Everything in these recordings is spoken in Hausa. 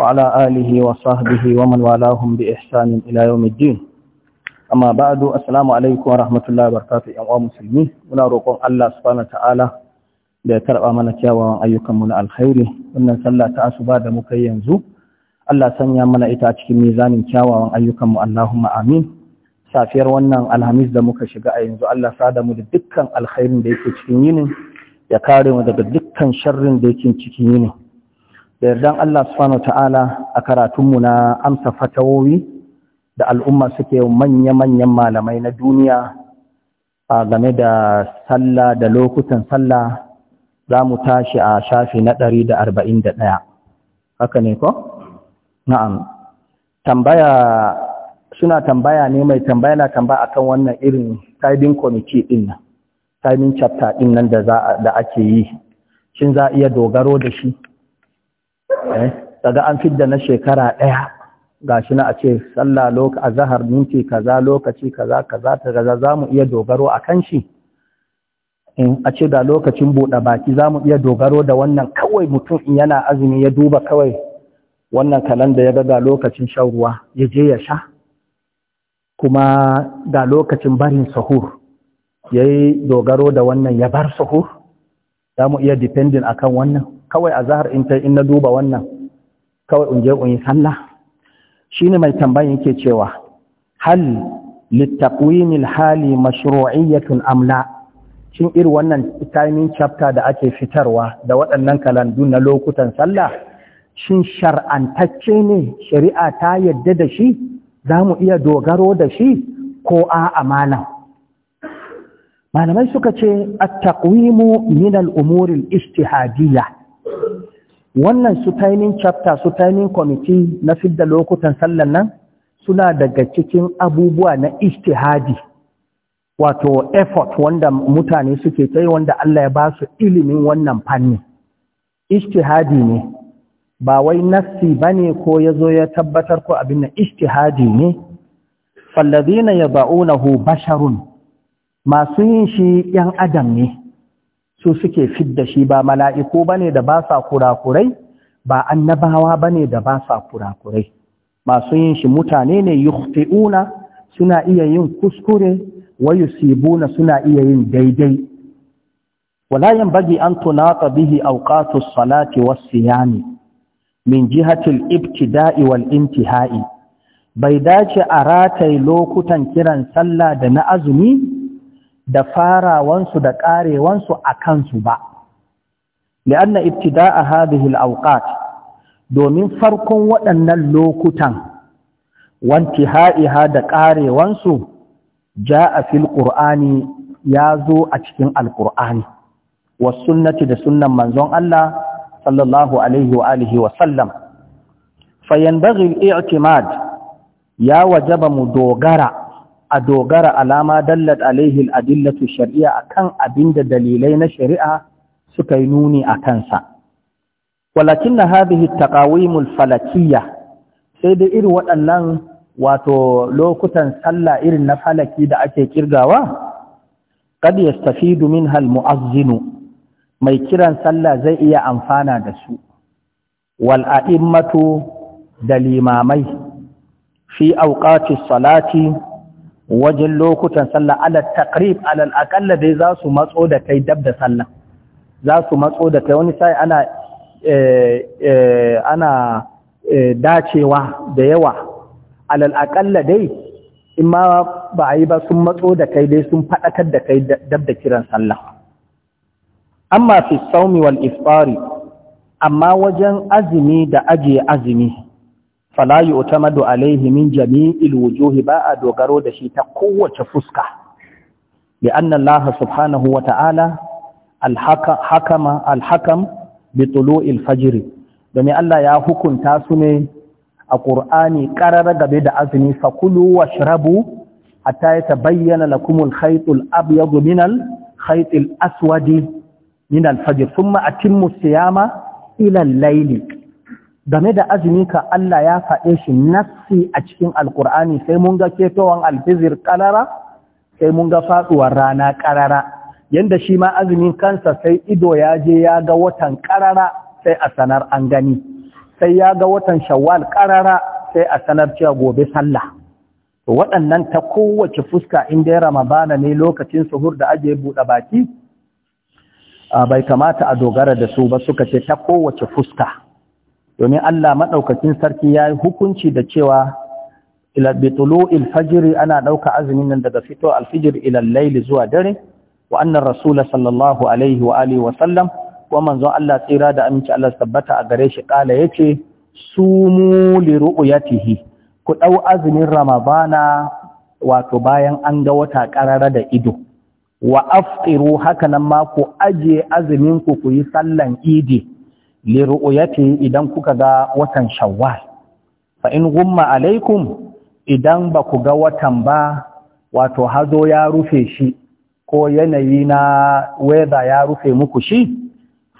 وعلى آله وصحبه ومن والاهم بإحسان Amma ba'a الدين أما بعد السلام عليكم ورحمة الله وبركاته يا مسلمين muna roƙon Allah subhanahu ta'ala da ya karɓa mana kyawawan ayyukanmu na alkhairi wannan sallah ta asuba da muka yi yanzu Allah sanya mana ita a cikin mizanin kyawawan ayyukanmu Allahuma amin safiyar wannan alhamis da muka shiga a yanzu Allah sada mu da dukkan alkhairin da yake cikin yini, ya kare mu daga dukkan sharrin da yake cikin yini. da yardan Allah subhanahu ta'ala a karatunmu na amsa fatawowi da al'umma suke manya-manyan malamai na duniya a game da sallah da lokutan sallah za mu tashi a shafi na ɗari da da ɗaya. haka ne ko? na'am tambaya suna tambaya ne mai tambaya na tambaya akan wannan irin tithing committee din nan tithing chapter din nan da ake yi shin za a iya dogaro da shi daga eh, an fidda na shekara ɗaya ga shi na a ce sallah a zahar minti kaza lokaci kaza kaza ta kaza za mu iya dogaro a kan shi in a ce ga lokacin buɗe baki za mu iya dogaro da wannan kawai mutum in yana azumi ya duba kawai wannan kalan da ya ga ga lokacin shan ruwa ya je ya sha kuma ga lokacin barin sahur ya yi dogaro da wannan ya bar sahur za mu iya depending kan wannan kawai a zahar in in na duba wannan kawai in je in yi sallah shine mai tambayin yake cewa hal littaqwim hali mashru'iyyatun amla cin shin irin wannan timing chapter da ake fitarwa da waɗannan kalandu na lokutan sallah shin shar'antacce ne shari'a ta yadda da shi za mu iya dogaro da shi ko a amana malamai suka ce a taƙwimu minal umurin istihadiyya wannan su timing chapter su timing committee na fidda lokutan sallan nan suna daga cikin abubuwa na istihadi wato effort wanda mutane suke kai wanda Allah ya ba su ilimin wannan fanni istihadi ne ba wai nassi ne ko ya zo ya tabbatar ko abin na istihadi ne fallazina ba'unahu basharun masu yin shi ‘yan adam ne su suke fid da shi ba mala'iku ba ne da ba sa kurakurai ba annabawa ba ne da ba sa kurakurai masu yin shi mutane ne yukhti'una suna iya yin kuskure wa yusibuna suna iya yin daidai wala bagi an tunata bihi awqatus salati wasu siyami min jihatil ibtida'i wal intihai bai dace a ratai lokutan kiran sallah da na azumi da farawansu da ƙarewansu a kansu ba. Li'anna ibtida a hadihil auqat domin farkon waɗannan lokutan, wanti ha'iha da ƙarewansu ja a fil ƙur'ani ya zo a cikin alƙur'ani, wa da sunan manzon Allah sallallahu Alaihi wa alihi wa sallam. Fayan i'timad ya wajaba mu dogara a dogara alama dallat alaihi al'adillatu shari'a akan abinda dalilai na shari'a suka yi nuni a kansa. Walakin na haɗihi taƙawimul falakiyya sai dai irin waɗannan wato lokutan sallah irin na falaki da ake kirgawa, kad yastafidu hal almu'azzinu mai kiran sallah zai iya amfana da su. Wal a'immatu da limamai fi auqati salati wajen lokutan sallah ala taqrib ala alaqalla dai za su matso da kai dab da sallah za su matso da kai wani sai ana eh, eh, ana eh, dacewa da yawa ala alaqalla dai in ma ba a yi ba sun matso da kai dai sun faɗatar da kai dab da kiran sallah amma fi saumi wal ifari amma wajen azumi da ajiye azumi fala yu'tamadu alaihi min jami'il wujuhi ba a dogaro da shi ta kowace fuska bi anna subhanahu wa ta'ala al-hakama bi tulu'il domin Allah ya hukunta su ne a Qur'ani qarara gabe da azumi fakulu washrabu hatta yatabayyana lakum al-khayt al-abyad min al-khayt al-aswad min al-fajr thumma atimmu siyama ila al game da azumi ka Allah ya faɗe shi nassi a cikin alkur'ani sai mun ga ketowan alfizir ƙarara sai mun ga faɗuwar rana ƙarara yanda shi ma azumin kansa sai ido ya je ya ga watan ƙarara sai a sanar an gani sai ya ga watan shawwal ƙarara sai a sanar cewa gobe sallah to waɗannan ta kowace fuska in dai ramadana ne lokacin suhur da aje buɗe baki bai kamata a dogara da su ba suka ce ta kowace fuska domin Allah maɗaukakin sarki ya yi hukunci da cewa bitulu ilfajiri ana ɗauka azumin nan daga fito alfijir ilallaili zuwa dare wa annan rasula sallallahu alaihi wa alihi wa sallam wa manzon Allah tsira da aminci Allah tabbata a gare shi ƙala ya ce sumu li ru'yatihi ku ɗau azumin ramadana wato bayan an ga wata ƙarara da ido wa aftiru hakanan ma ku aje azumin ku ku yi sallan idi li idan kuka ga watan shawwal fa in gumma alaikum idan ba ku ga watan ba wato hazo ya rufe shi ko yanayi na weather ya rufe muku shi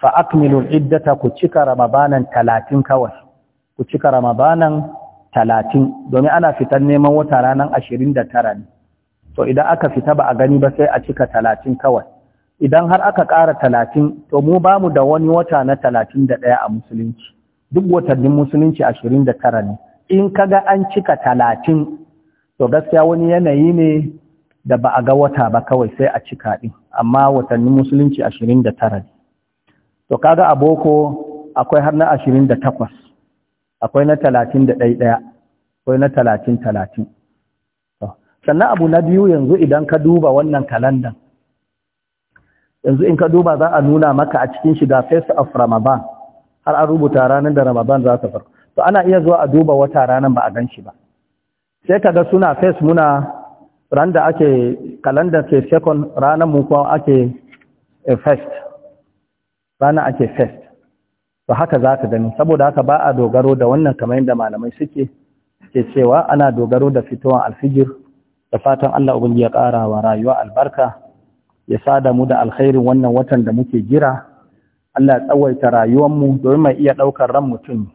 fa akmilu iddata ku cika ramadanan 30 kawai ku cika ramadanan talatin. domin ana fitar neman wata ranar ashirin 29 ne to idan aka fita ba a gani ba sai a cika talatin kawai idan har aka ƙara talatin to mu ba mu da wani wata na talatin da ɗaya a musulunci duk watannin musulunci ashirin da tara ne in ka ga an cika talatin to gaskiya wani yanayi ne da ba a ga wata ba kawai sai a cika ɗin amma watannin musulunci ashirin da tara ne to kaga a boko akwai har na ashirin da takwas akwai na talatin da ɗaya ɗaya akwai na talatin talatin sannan abu na biyu yanzu idan ka duba wannan kalandar. yanzu in ka duba za a nuna maka a cikin shiga first of ramadan har an rubuta ranar da ramadan za ta farko to ana iya zuwa a duba wata ranar ba a gan shi ba sai ka ga suna first muna ran da ake kalandar ke second ranar mu kuma ake eh, first ranar ake first to haka za ka gani saboda haka ba a dogaro da wannan kamar yadda malamai suke ke cewa ana dogaro da fitowar alfijir da fatan Allah ubangiji ya ƙara wa rayuwa albarka ya sada mu da alkhairin wannan watan da muke jira Allah ya tsawaita mu domin mai iya ɗaukar ran mutum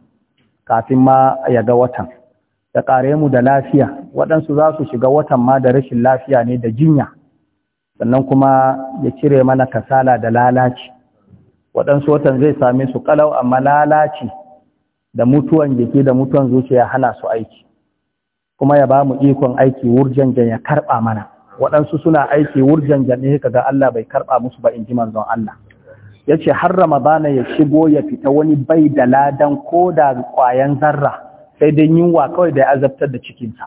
kafin ma ya ga watan ya kare mu da lafiya waɗansu za su shiga watan ma da rashin lafiya ne da jinya sannan kuma ya cire mana kasala da lalaci waɗansu watan zai same su kalau amma lalaci da mutuwan jiki da mutuwan zuciya hana su aiki kuma ya ba mu ikon aiki wurjan ya karɓa mana waɗansu suna aiki wurjan ka ga Allah bai karɓa musu ba in ji manzon Allah ya ce har ramadana ya shigo ya fita wani bai da ladan ko da ƙwayan zarra sai dai yunwa kawai da ya azabtar da cikinsa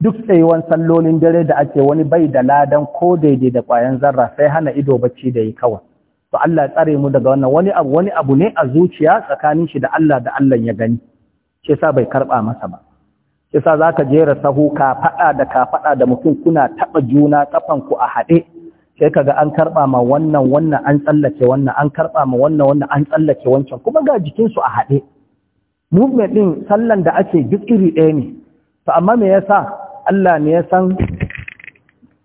duk tsayuwan sallolin dare da ake wani bai da ladan ko daidai da ƙwayan zarra sai hana ido bacci da yi kawai to Allah tsare mu daga wannan wani abu wani abu ne a zuciya tsakanin shi da Allah da Allah ya gani shi yasa bai karɓa masa ba Kisa za ka jera sahu kafaɗa da kafaɗa da mutum kuna taɓa juna kafan ku a haɗe, sai ka ga an karɓa ma wannan wannan an tsallake wannan an karɓa ma wannan wannan an tsallake wancan kuma ga jikinsu a haɗe. Movement ɗin sallan da ake duk iri ɗaya ne, to amma me yasa Allah ne ya san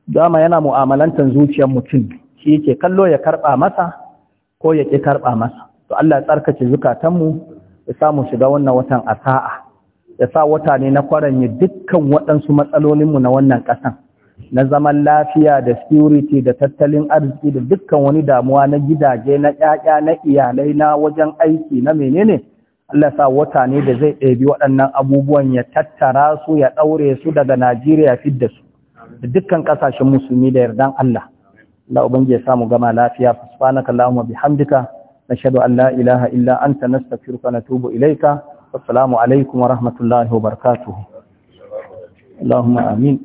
dama yana mu'amalantar zuciyar mutum shi yake kallo ya karɓa masa ko ya ƙi karɓa masa. To Allah ya tsarkace zukatanmu ya samu shiga wannan watan asa'a. ya sa wata ne na kwaranye dukkan waɗansu matsalolinmu na wannan ƙasan na zaman lafiya da security da tattalin arziki da dukkan wani damuwa na gidaje na ƴaƴa na iyalai na wajen aiki na menene Allah sa wata ne da zai ɗebi waɗannan abubuwan ya tattara su ya ɗaure su daga Najeriya fit da su da dukkan ƙasashen musulmi da yardan Allah Allah ubangiji ya samu gama lafiya allahumma bihamdika nashhadu an la ilaha illa anta nastaghfiruka wa natubu ilaika assalamu alaikum wa rahmatullahi wa barakatuhu اللهم آمين